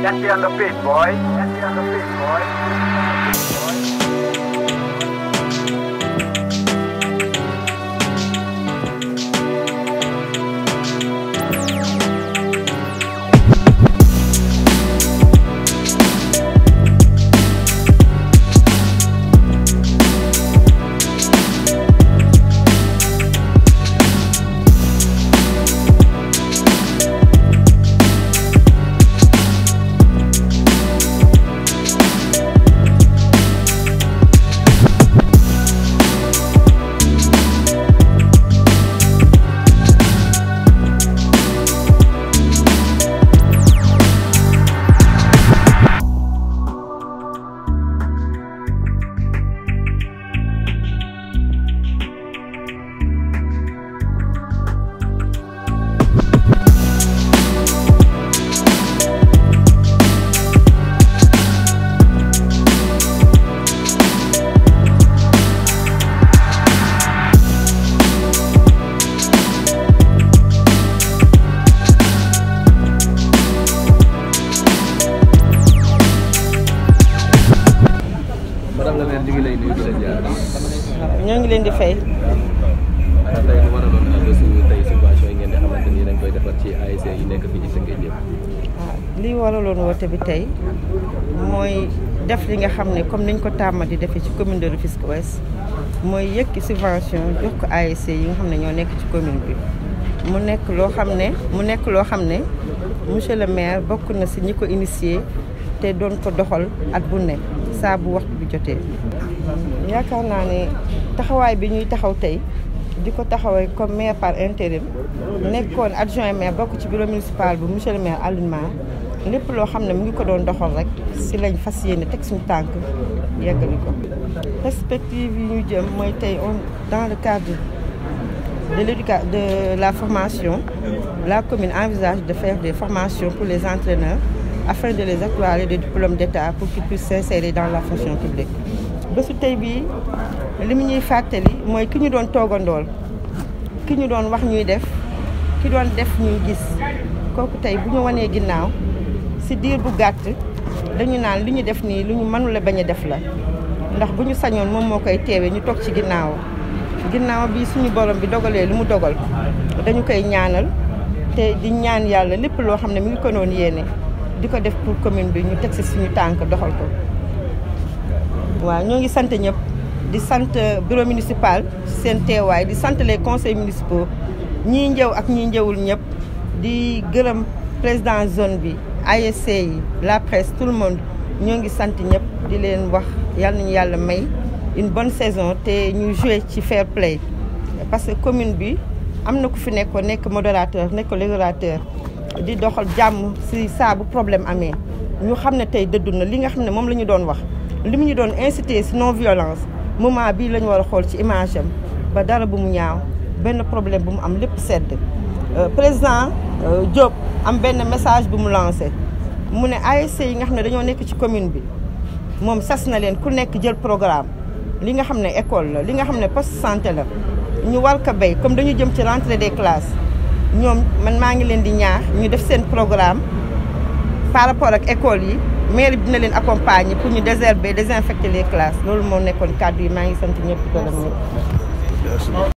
Get me on the beat, boy. Get me on the beat, boy. ñoo ngi leen di fay. tey lu waraloon koy defar ci ASC yi nekk fii ci Tëngéej yëpp. waaw li waraloon woote bi tey mooy def li nga xam ne comme niñ ko tàmm di defee ci commune de Rufisque Ouest mooy yëkki subvention jox ko ASC yi nga xam ne ñoo nekk ci commune bi. mu nekk loo xam ne mu nekk loo xam ne monsieur le maire bokk na si ñi ko initié te doon ko doxal at bu ne saa bu waxtu bi jotee. yaakaar naa ni taxawaay bi ñuy taxaw tey di ko taxawee comme maire par intérim nekkoon adjoint maire bokk ci bureau municipal bu monsieur le maire Alioune Mar lépp loo xam ne mu ngi ko doon doxal rek si lañ fas yéene teg suñu tànk yeggali ko. perspective yi ñu jëm mooy tey on dans le cadre de l'éducation de la formation la commune envisage de faire des formation pour les entraîneurs afin de les accroître des diplômes d'État pour qu'ils puissent s'insérer dans la fonction publique. bésu tey bii li mu ñuy fàttali mooy ki ñu doon toogandool ki ñu doon wax ñuy def ki doon def ñuy gis kooku tey bu ñu wanee ginnaaw si diir bu gàtt dañu naan li ñu def nii lu ñu mënula bañ a def la ndax bu ñu sañoon moom moo koy teewee ñu toog ci ginnaaw ginnaaw bi suñu borom bi dogalee lu mu dogal dañu koy ñaanal te di ñaan yàlla lépp loo xam ne mu ngi ko doon yéene di ko def pour commune bi ñu teg si suñu tànk doxal ko waaw ñoo ngi sant ñëpp di sant bureau municipal seen teewaay di sant les conseils municipaux ñii njëw ak ñii njëwul ñëpp di gërëm président zone bi ASC yi la presse tout le monde ñoo ngi sant ñëpp di leen wax yal nañu yàlla may une bonne saison te ñu joue ci fair play parce que commune bi am na ku fi nekkoon nekk modérateur nekk régulateur di doxal jàmm si saa problème amee ñu xam ne tey dëddu na li nga xam ne moom la ñu doon wax li mu ñu doon incité si non violence moment bii la ñu war a xool ci image am ba dara bu mu ñaaw benn problème bu mu am lépp sedd euh, président euh, Diop am benn message bu mu lancé mu ne ASC yi nga xam ne dañoo nekk ci commune bi moom sas na leen ku nekk jël programme li nga xam ne école la li nga xam ne poste santé la ñu war ko béy comme dañu jëm ci rentrée des classes ñoom man maa ngi leen di ñaax ñu def seen programme par rapport ak école yi mairie dina leen accompagner pour ñu désherber désinfecter les classes loolu moo nekkoon kàddu yi maa ngi sant ñëpp gërëm ñëpp